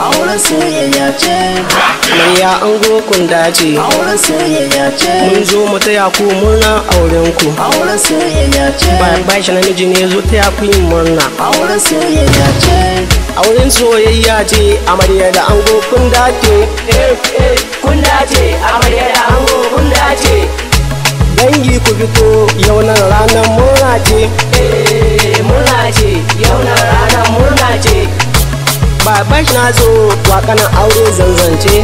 auren soyayya ce murya ango kun dace auren soyayya ce mun zo mu taya ku murna auren ku auren soyayya ce bayan bashi namiji ne zo taya ku yin murna auren soyayya ce auren soyayya ce amarya da ango kun dace eh, eh, kun dace amarya da ango kun dace dangi ku fito yau nan ranar murna ce eh, murna ce yau nan ranar murna ce baban shi na zo wakanan aure zanzance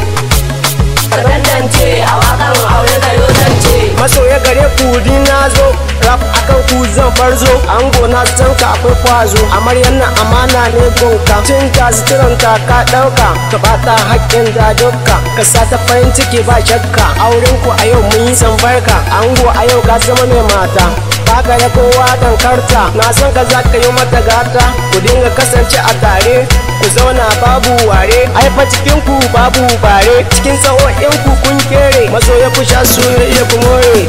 kadandance a wakan aure ka zance masoya gare ku na zo rap akan ku zan farzo ango na san ka akwai kwazo amaryar na amana ne gonka cin ta suturan ta ka dauka ka bata haƙƙin da dukka ka sa ta farin ciki ba shakka auren ku a yau mun yi san barka ango a yau ka zama mai mata haka ya kowa tankarta na san ka za ka yi mata gata ku dinga kasance a tare ku zauna babu ware haifa cikin ku babu bare cikin sa'o'in ku kun kere maso ya ku sha su ya ku more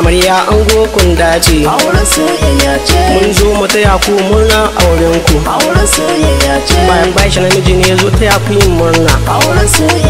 amarya an kun dace auren soyayya ce mun zo mu taya ku murna auren ku auren soyayya ce bayan bashi namiji ne zo taya ku yin murna auren soyayya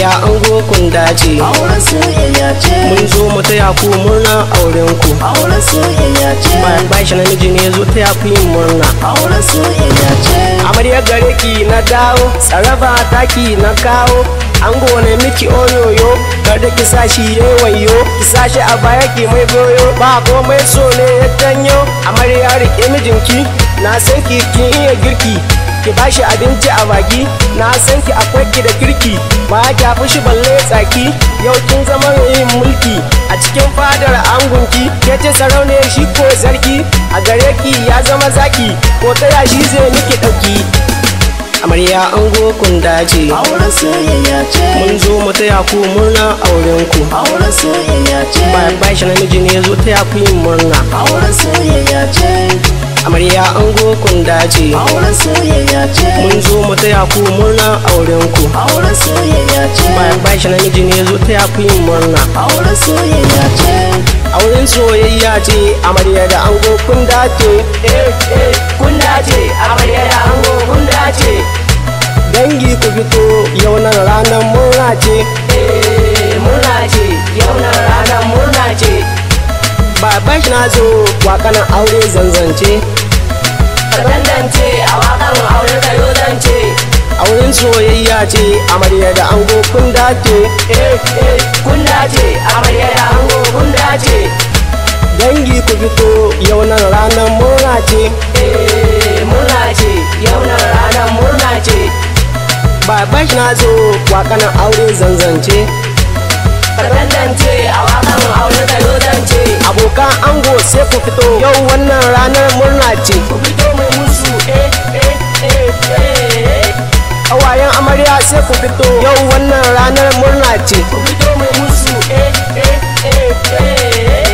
ya ango kun dace auren soyayya ce mun zo mu taya ku murna auren ku auren soyayya ce bayan bashi namiji ne zo taya ku yin murna auren soyayya ce amarya gare ki na dawo tsaraba taki na kawo ango ne miki oyoyo kada ki sashi yayi wayo ki sashi a baya ki mai goyo ba mai so ne ya danyo amarya rike mijinki na san ki kin iya girki ki bashi abinci a magi na san ki akwai ki da kirki ba ki shi balle tsaki yau kin zama yin mulki a cikin fadar angunki ke ce sarauniya shi ko zarki a gare ki ya zama zaki ko taya shi zai miki dauki amarya ango kun dace auren soyayya ce mun zo mu taya ku murna auren ku auren soyayya ce bayan bashi namiji ne zo taya ku yin murna auren soyayya ce amarya ango kun dace auren soyayya ce mun zo mu taya ku murna auren ku auren soyayya ce bayan bashi miji ne zo taya ku yin murna auren soyayya ce auren soyayya ce amarya da ango kun dace eh eh na zo waƙan aure zanzance ka dandance a waƙan aure auren soyayya ce amarya da ango kun dace eh, eh dangi ku fito yaunar ranar murna ce babash na zo waƙan aure zanzance ka dandance a waƙan aure kayo sai ku fito yau wannan ranar murna ce ku fito mai musu eh eh eh eh amarya sai ku fito yau wannan ranar murna ce ku fito mai musu eh eh eh, eh.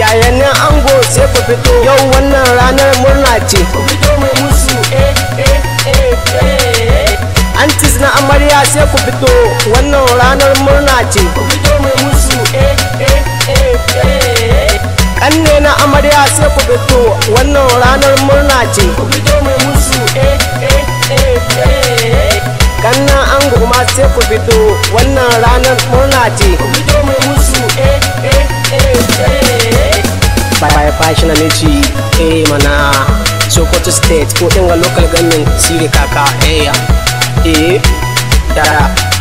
yayanin ango sai ku fito yau wannan ranar murna ce ku fito mai musu eh eh eh, eh. antis na amarya sai ku fito wannan ranar murna ce ku fito mai musu eh eh eh, eh. kanne na amarya sai ku fito wannan ranar murna ce ku fito mai musu eh eh eh, eh. kanna an goma sai ku fito wannan ranar murna ce ku fito mai musu eh eh eh, eh. bye fashion na ci eh mana sokoto state ko dinga local government sire kaka eh eh da